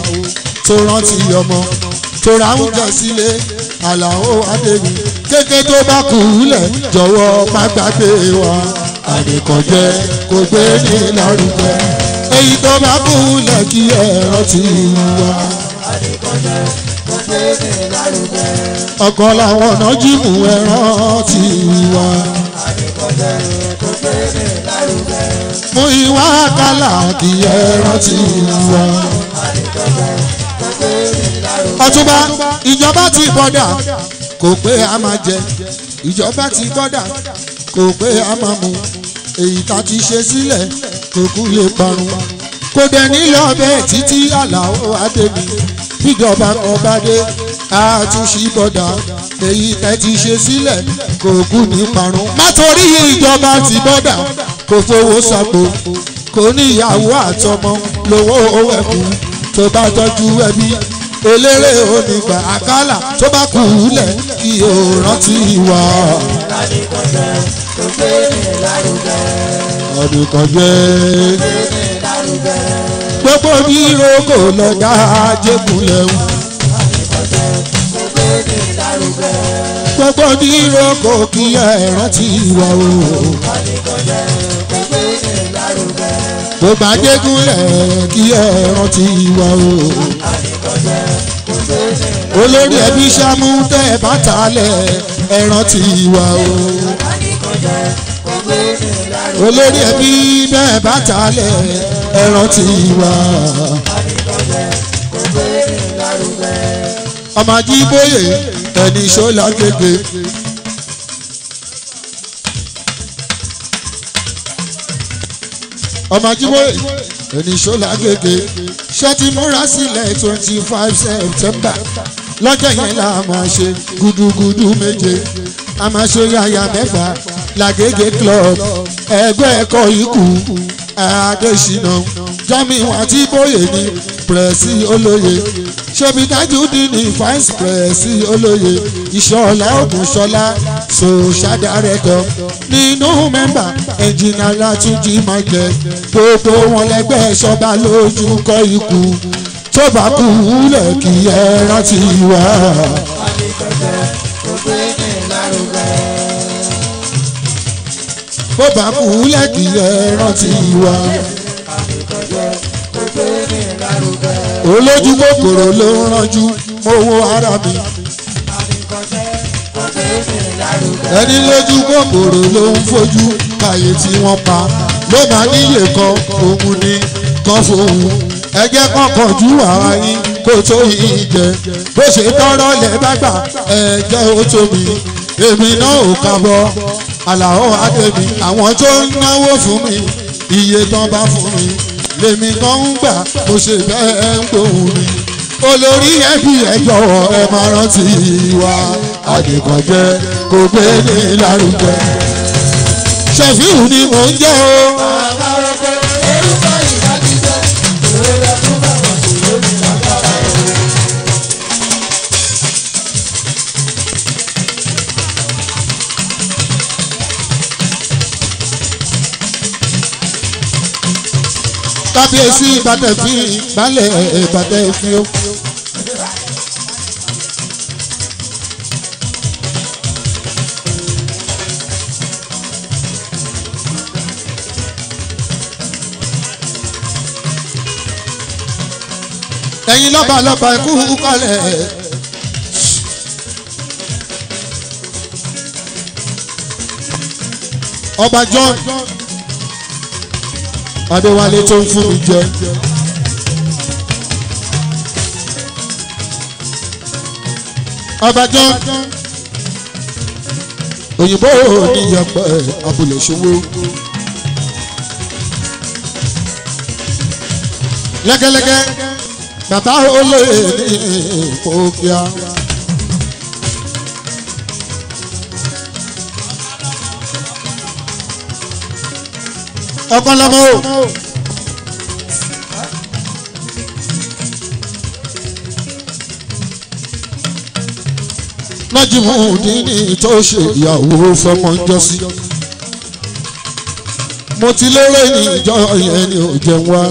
tó rántí ọmọ tó ra oúnjẹ sílé àlàó adémi kété tó bá kù lẹ̀ jọ̀wọ́ má gbàgbé wa àdèkọ̀jẹ́ kò gbé ní lárugẹ èyí tó bá kù lẹ̀ kí ẹ rántí wa. àdèkọ̀jẹ́ kò gbé ní lárugẹ. ọ̀kan làwọn ọ̀nà jíìmù ẹ rántí wa. àdèkọ̀jẹ́ kò gbé ní lárugẹ. mú ìwà kálá kí ẹ rántí wa. àdèkọ̀jẹ́ kò gbé ní lárugẹ. ọ̀túnba ìjọba ti bọ̀dà kò pé a máa jẹ ìjọba ti gbọ́dà kò pé a máa mu èyí tá ti ṣe sílẹ̀ kò kú lè parun kò dẹ̀ nílò ọbẹ̀ títí àlàó adébí bíjọba kan bá dé àtúnṣí bọ́dà èyí tẹ́ ti ṣe sílẹ̀ kò kú ní parun má torí ìjọba ti bọ́dà kò fowó sàpò kò ní ìyàwó àtọmọ lówó owó ẹ̀kú tó bá tọ́jú ẹbí eléré onígbà àkàlà tó bá kú lẹ̀ kí o rántí wa. ọdún kan jẹ́ gbogbo bí roko lọ́dá jẹ́kulẹ̀ o. gbogbo bí roko kí ẹ rántí wa o. ọdún kan jẹ́ gbogbo ní lárugẹ bó bá dégún lẹ̀ kí ẹ rántí wa o. olórí ẹbí ṣámú tẹ́ ẹ bá ta lẹ̀ ẹ rántí wa o. olórí ẹbí bẹ́ẹ̀ bá ta lẹ̀ ẹ rántí wa ọmọ ajíbóyè ẹni ṣó lágbègbè ọmọ Ajíbóyè Ẹniṣọ́lá Agége ṣé ti múra sílẹ̀ twenty five September lọ́jọ́ yẹn la máa ṣe gudugudu méje a máa ṣe yàyà mẹ́fà l'Agége club ẹgbẹ́ ẹ̀kọ́ ikú Adésínà. Jamiu àti bóyè ni pẹ̀rẹ̀sì olóye ṣebí Tajudeen fáìsì pẹ̀rẹ̀sì olóye ìṣọ̀lá ògùnṣọlá sòṣàdá rẹ̀kọ̀ nínú mẹ́mbà ẹ̀jìnà látúnjì michael gbogbo wọn lẹ́gbẹ́ ṣọba lójú kọ́ ikú tó bá kú lẹ̀ kí ẹ rántí wá. bó bá kú lẹ̀ kí ẹ rántí wá. olójú kòkòrò ló ń ranjú mo wo ara mi. ẹni lójú kòkòrò ló ń fojú ààyè tí wọ́n pa ló máa níyè kan òun ni kan fòun ẹgbẹ́ kan kan jú ara yín kó tó yín jẹ bó ṣe tọrọ lẹ bá gbà ẹjẹ ó tóbi èmi náà ò kábọ̀ àlàó adébí àwọn tó ń náwó fún mi iye tán bá fún mi lèmi kan ń gbà mo ṣe bẹ́ẹ̀ ń gbòhùn mi. olórí ẹbí ẹ ẹ máa rántí wa àdìkànjẹ kò gbé ní lárugẹ. ṣèfíhù ni mò ń jẹ́ o. kábíyèsí ìbátẹ̀fín balẹ̀ ìbátẹ̀fín o. ẹ̀yin lọ́ba lọ́ba ikú kọlẹ̀. ọba John. Adéwálé tó ń fún mi jẹ. Ọbàjọ́ òyìnbó níyẹpẹ abúlé Lẹ́gẹ́lẹ́gẹ́ bàtà olè ní ìfowópamọ́. ọkàn lọ́mọ o. nájìmọ̀ òní ní tó ṣe ìyàwó fọmọ jọ́sí. mo ti lérè ní ìjọ yẹn ni ò jẹun wá.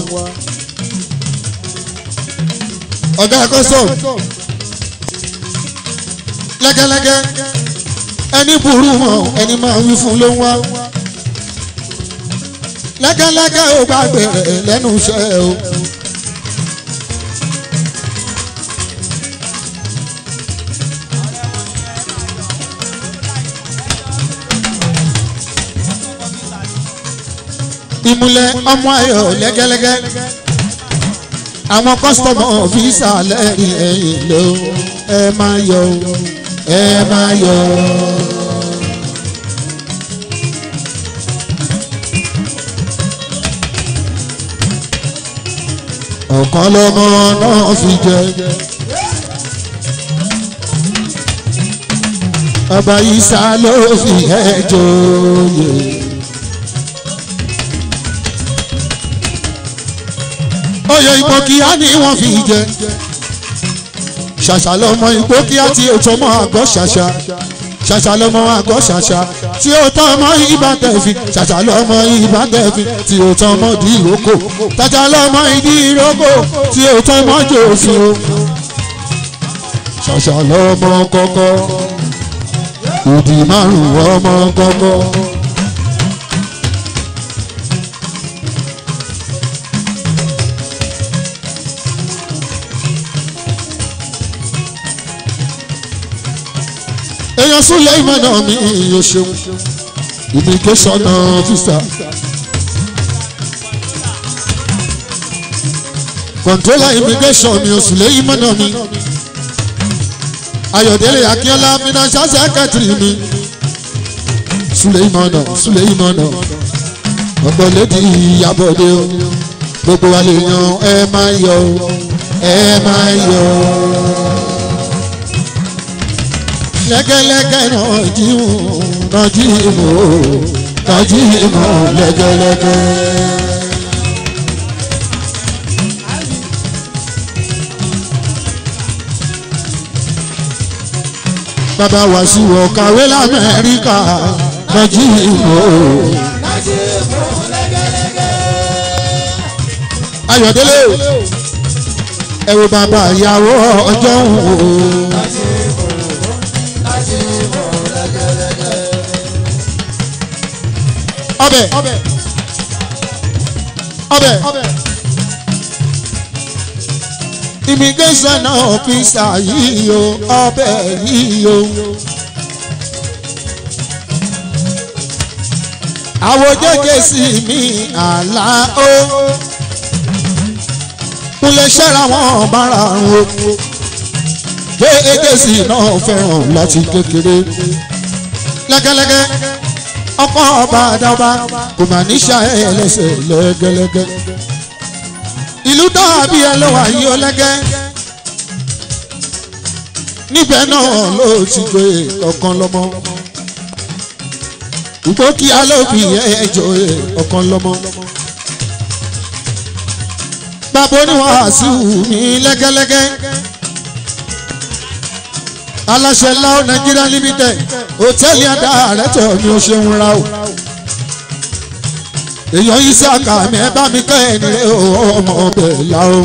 ọ̀gá akọ́sọ̀ lẹ́gẹ́lẹ́gẹ́ ẹni burú mọ́ ẹni máa wí fún ló ń wá lẹ́gẹ́lẹ́gẹ́ ò bá gbèrè lẹ́nu iṣẹ́ o. ìmúlẹ̀ ọmọ ayọ̀ lẹ́gẹ́lẹ́gẹ́ àwọn kọ́sítọ́mù fíìsà lẹ́rìí ẹ̀yìn ló ẹ máa yọ̀ ẹ máa yọ̀. ọ̀kan lọ́mọ náà fi jẹ. ọba isa ló fi ẹjọ́ yẹ. oyè ìpọ́kíá ni wọ́n fi jẹ. ṣàṣà lọ́mọ ìpọ́kíá tí ètò ọmọ àgọ́ ṣàṣà ṣàṣà lọmọ àgọ́ ṣàṣà tí ó tán ọmọ ibà tẹ̀fín ṣàṣà lọmọ ibà tẹ̀fín tí ó tán ọmọ ìdí ìrókò ṣàṣà lọmọ ìdí ìrókò tí ó tán ọmọ jòsì o ṣàṣà lọmọ kọ́kọ́ òdì márùn-ún ọmọ kọ́kọ́. Engineer Suleiman Omi o ṣeun immigration officer. Controller immigration mi o Suleiman Omi. Ayọ̀délé Akínọ́lá financial secretary mi. Suleiman Suleiman ọgbọ̀nlédì ìyàbọ̀dé o gbogbo wa lè yan ẹ máa yọ ẹ máa yọ lẹ́gẹ́lẹ́gẹ́ rọ̀jí mú rọ̀jí mú rọ̀jí mú lẹ́gẹ́lẹ́gẹ́. bàbá wa sí wọ kàwé lamẹ́ríkà rọ̀jí mú. ayọ̀délé ẹ̀rù bàbá ìyàwó ọjọ́ ń wò ọbẹ̀ ọbẹ̀ immigration officer yìí o ọbẹ̀ yìí o. àwòjẹ́jẹ́ sí mi àlá o kúnlẹ̀ ṣẹ́ra wọn bára o jẹ́ ẹgẹ́sì náà fẹ́ràn láti kékeré lẹ́gẹ́lẹ́gẹ́ ọkọ ọba àdàbà kò mà ní ṣá ẹlẹ́sẹ̀ lẹ́gẹ́lẹ́gẹ́ ìlú dàbí ẹlẹ́wà yìí ó lẹ́gẹ́ níbẹ̀ náà ló ti gbé ọ̀kan lọ́mọ ìgbó kí alóbi ẹjọ́ ọ̀kan lọ́mọ bàbá oníwàásù mi lẹ́gẹ́lẹ́gẹ́ aláṣẹ láò nàìjíríà limited hòtẹ́ẹ̀lì àdáàrẹ́tọ̀ ni ó ṣe ń ra o èèyàn yìí ṣàkà mi ẹ bá mi kẹ́ ẹ̀ ní ọmọ ọbẹ̀ láò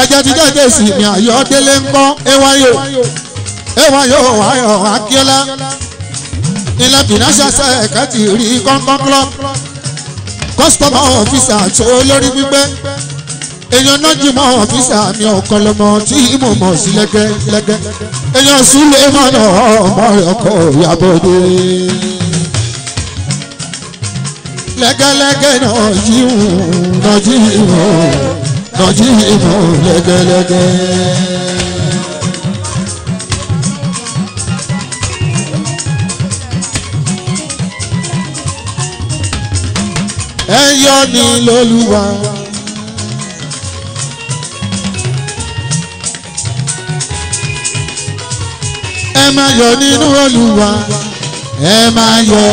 ẹjẹ ti jáde sí ni Ayọ̀délé ń gbọ́ ewayo ewayo ayọ̀ Akíọ́lá ilẹ̀ financial secretary kọ́ńkọ́ńkọ́ customer officer tó lórí gbígbé èèyàn nájìmọ̀ ọ̀fíìsà mi ọ̀kọlọmọ tí mo mọ̀ sí lẹ́gẹ́lẹ́gẹ́ èèyàn súlẹ̀ mọ́nà ọmọ ọkọ̀ ìyàbọ̀dé. lẹ́gẹ́lẹ́gẹ́ nàjíhùn nàjíhùn nàjíhùn lẹ́gẹ́lẹ́gẹ́. ẹ yọ ni lóluwà. ẹ máa yọ̀ nínú Olúwa ẹ máa yọ̀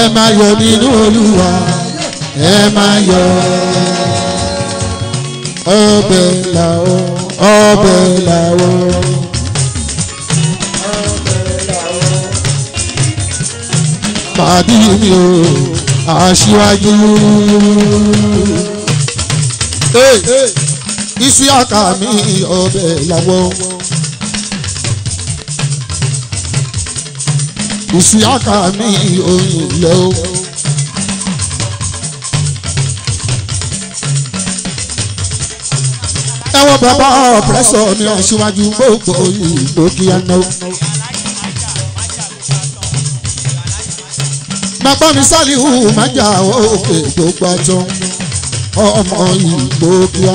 ẹ máa yọ̀ nínú Olúwa ẹ máa yọ̀ ọbẹ̀ làwọ̀ ọbẹ̀ làwọ̀. Bàbí mi ò aṣíwájú. Iṣu àkàmì ọbẹ̀ làwọ̀. kùsì àkà mi òyìn lọ. ẹ wọ bàbá ọ̀pẹ́sọ̀ ní aṣíwájú gbogbo ìgbò kíá náà. bàbá mi sálíhù májà òkè gbogbo àjọ ọmọ ìgbò kíá.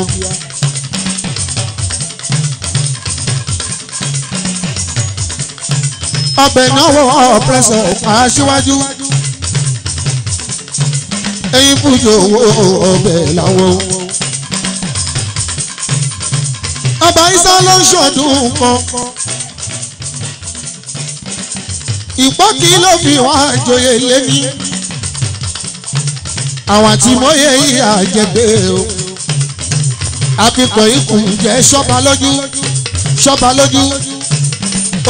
ọbẹ̀ ìnáwó ọ̀pẹ̀sọ̀ aṣíwájú ẹyin fújò owó ọbẹ̀ làwọn. ọba isa ló ń ṣọdún kan ìpọ́kì ló fi wá àjòyè lẹ́ni àwọn àti mọ́yẹ yìí àjẹgbẹ́ o àfikọ̀ ikùn jẹ́ ṣọ́ba lójú ṣọ́ba lójú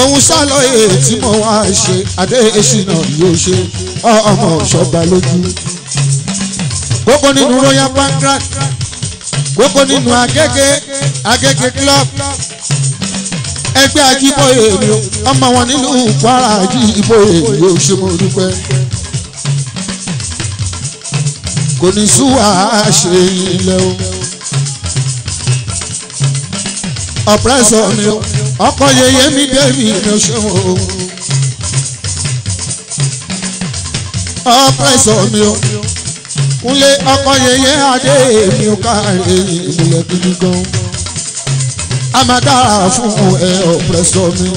òun ṣàlọ́yè tí mo wá ṣe Adéṣínà yóò ṣe ọmọ ṣọgbà lójú. kókó nínú royal pancras kókó nínú agége agége club ẹgbẹ́ ajíbóyè mi ọmọ wọn nílùú Kwara ajíbóyè yóò ṣe mo dúpẹ́. kò ní súwà ṣe ilé o ọ̀pẹ́sọ̀ mi o ọkọ yẹyẹ mi dẹ́mi ló ṣeun o ọkọ mi o kúnlé ọkọ yẹyẹ adé mi ò ká ẹ̀yìn ìmùlẹ̀ gidi gan a máa dára fún ẹ ọ̀pẹ̀sọ́ mi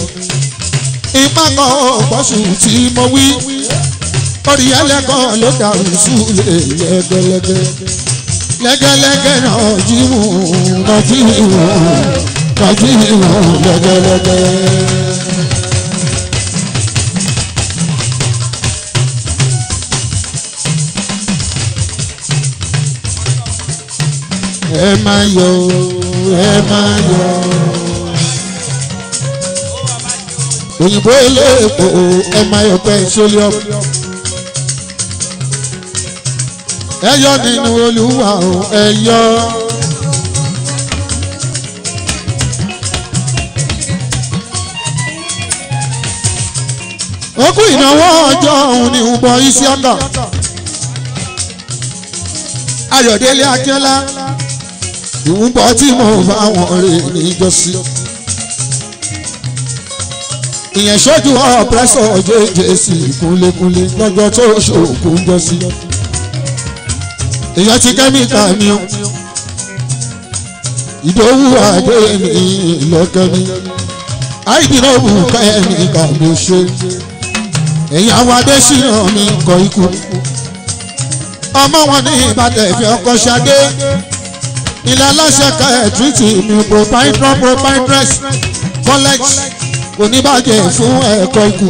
ipa kan ọ̀pọ̀ṣù tí mo wí orí ẹlẹ́kọ̀ọ́ ló dàrú sùlẹ̀ lẹ́gẹ́lẹ́gẹ́ lẹ́gẹ́lẹ́gẹ́ náà jíwò náà jíwò kájí nínú lẹ́gẹ́lẹ́gẹ́. ẹ máa yọ ẹ máa yọ. òyìnbó ilé èkó ẹ máa yọ pẹ́ petroleum. ẹ yọ nínú olúwa ẹ yọ. kú ìnáwó ọjọ́ òun ni ń bọ Isiaka Ayọ̀délé Akínọ́lá ìwúbọ tí mo fáwọn rè níjọ́sí ìyẹn ṣojú ọ̀pẹ́sọ̀ jẹ́jẹ́ sí kúnlékúnlé lọ́jọ́ tó ṣòkú ń jọ sí. èèyàn ti kẹ́míkà mi o ìdòwú àdé mi lọ́kẹ́ àìdínlọ́wù kẹ́míkà mi ṣe ìyàwó adésínà mi kọ ikú ọmọ wọn ní ìbàdàn ìfẹ́ ọkọ ṣadé ilé aláṣẹ ka ẹtúrìtì mi propaintron propaintress college oníbàjẹ́ fún ẹ̀kọ́ ikú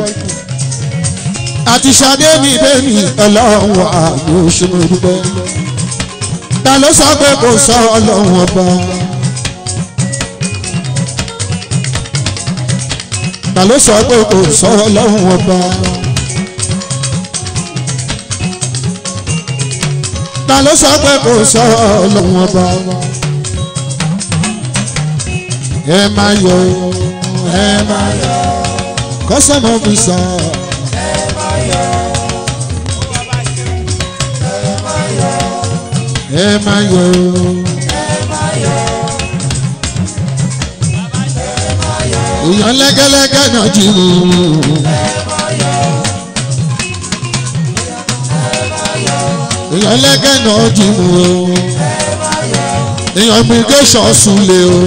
àti ṣadé mi bẹ́ẹ̀ni ọlọ́run àgbò ṣùgbọ́n dúpẹ́ ta ló sọ pé kò sọ ọlọ́run ọba. ta ló sọ pé kò sọ ọlọ́run ọba. ta ló sọ pé kò sọ Ọlọ́run ọba ẹ máa yọ̀ ẹ máa yọ̀ kọsọmọ fi sọ. ẹ máa yọ̀ ìyàn lẹ́gẹ́lẹ́gẹ́ náà jì èèyàn ẹlẹ́gẹ̀ náà dìbò o èèyàn immigration súnlé o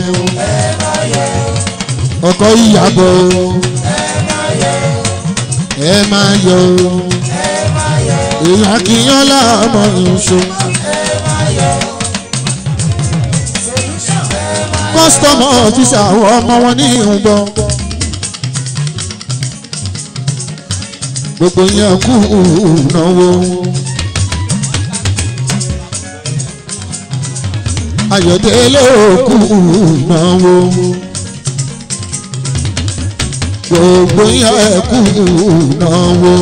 ọkọ̀ ìyàbọ̀ o ẹ máa yọ o èèyàn akínyàn láàmú ìṣó. kọ́sítọ́mù ọ̀fíìsì àwọn ọmọ wọn ní ìhùnbọ̀n. gbogbo yẹn kú náwó. Ayọ̀délé òkú ìnáwó gbogbo yá ẹ̀kú ìnáwó.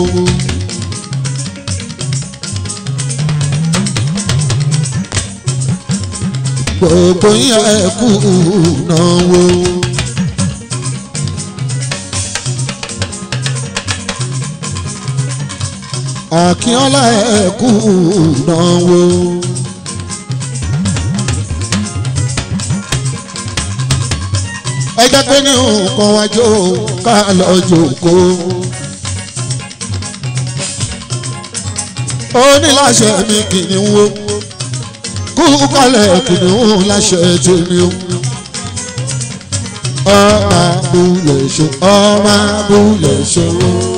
gbogbo yá ẹ̀kú ìnáwó. Akínọ́lá ẹ̀kú ìnáwó. ẹ jẹ́ pé ní nǹkan wá jó ká lọ jòkó. ó ní láṣẹ mi kìnìún wo kú kọlẹ̀ kìnìún láṣẹ tèmi o. ọmọ abúlé ṣe ọmọ abúlé ṣe o.